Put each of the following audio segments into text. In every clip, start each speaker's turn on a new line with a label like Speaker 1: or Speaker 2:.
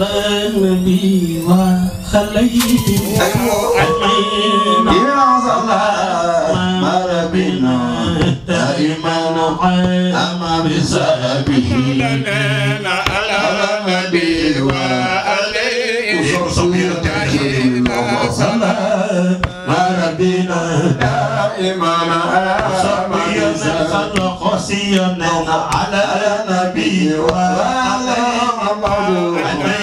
Speaker 1: القرآن بي وخليت المين يا صلاة ما ربنا دائما أما بسببه على النبي وعليه صلاة ما ربنا دائما خلق على نبي وعلى محمد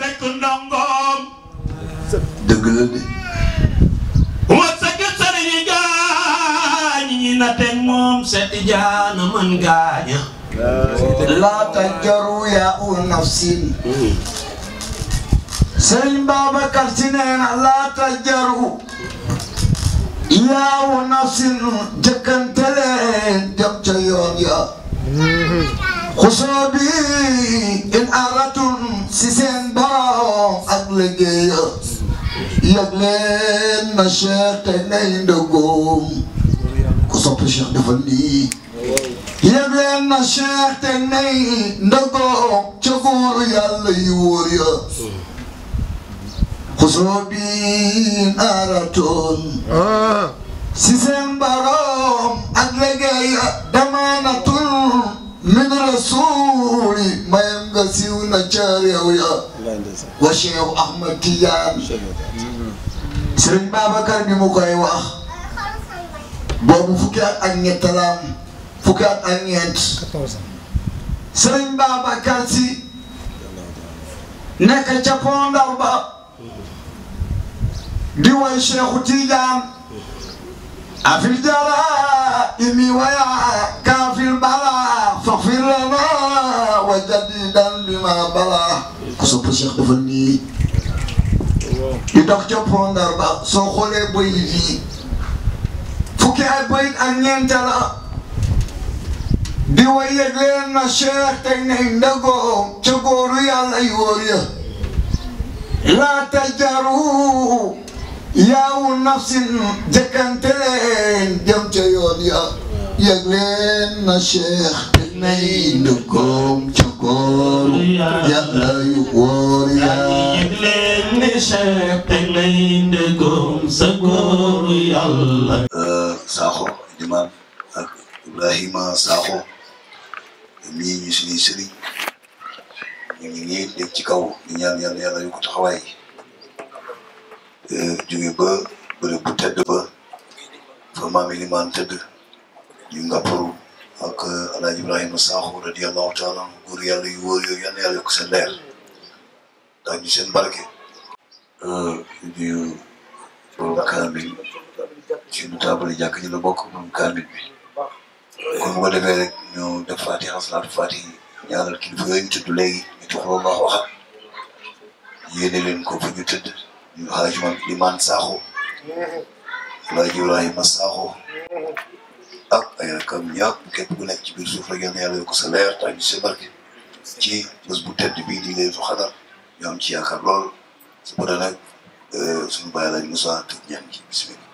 Speaker 1: fekk ndongoom. dëgg la de. ma sëkk sëriñ gaañ ñi na teg moom seeti jaana man gaaña. laa tajjaru yaa u nafsin. sëriñ Babacar Si nee na laa tajjaru. yaa u nafsin jëkkante leen jëm ca yoon ya. xusoo bi in aratul si seen borom ak liggéeyam yëg leen na Cheikh te nay ndëggoom ku sopp Cheikh na ya wa Cheikh Ahmad Tidiane Serigne Babacar ni mu koy wax boobu fukki at ak ñettalaam fukki ak ñeent Serigne Babacar si nekk ca Pondar ba di way Cheikh Tidiane afil jara imi waya Tuuba ku sopp Cheikh defal nii li tax ca Pondar ba soo xoolee bayit yi fukki ay bayit ak ñeent la di way leen na Cheikh tey ne ndagoo ca góoru yàlla yu wóor ya laa tajaru yaawu nafsin jëkkante leen jëm ca Iya. Ya leen na cheikh nay ndëkkoom ya kooru yàlla ya. wóor yàlla yëg leen ni cheikh nay ndëkkoom
Speaker 2: sa kooru yàlla Sakho Liman ak Ibrahima Sakho mii ñu suñuy sëriñ ñu ngi nii dégg ci kaw di ñaan yàlla yàlla yu ko taxawaay jóge ba bërëb bu ba ñu ngàpparu ak euh, alaaji ibrahima saaxu radiallahu taala anhu góor yàlla yu wóor yooyu yàlla yàlla yokk seen leer daa ñu seen barke ñu euh, borom kaamil nu taabali jàkk ñu la bi kon bu ko defee rek ñu ak ay rakam ñaak képp ku nekk ci biir suuf rek yàlla yàlla yokk sa leer te ñu sa barke ci bés bu tedd bii di leen su xadar ñu am ci yaakaar lool su ko nag suñu bàyyi laaj Moussa tëg ñaan ci bismillah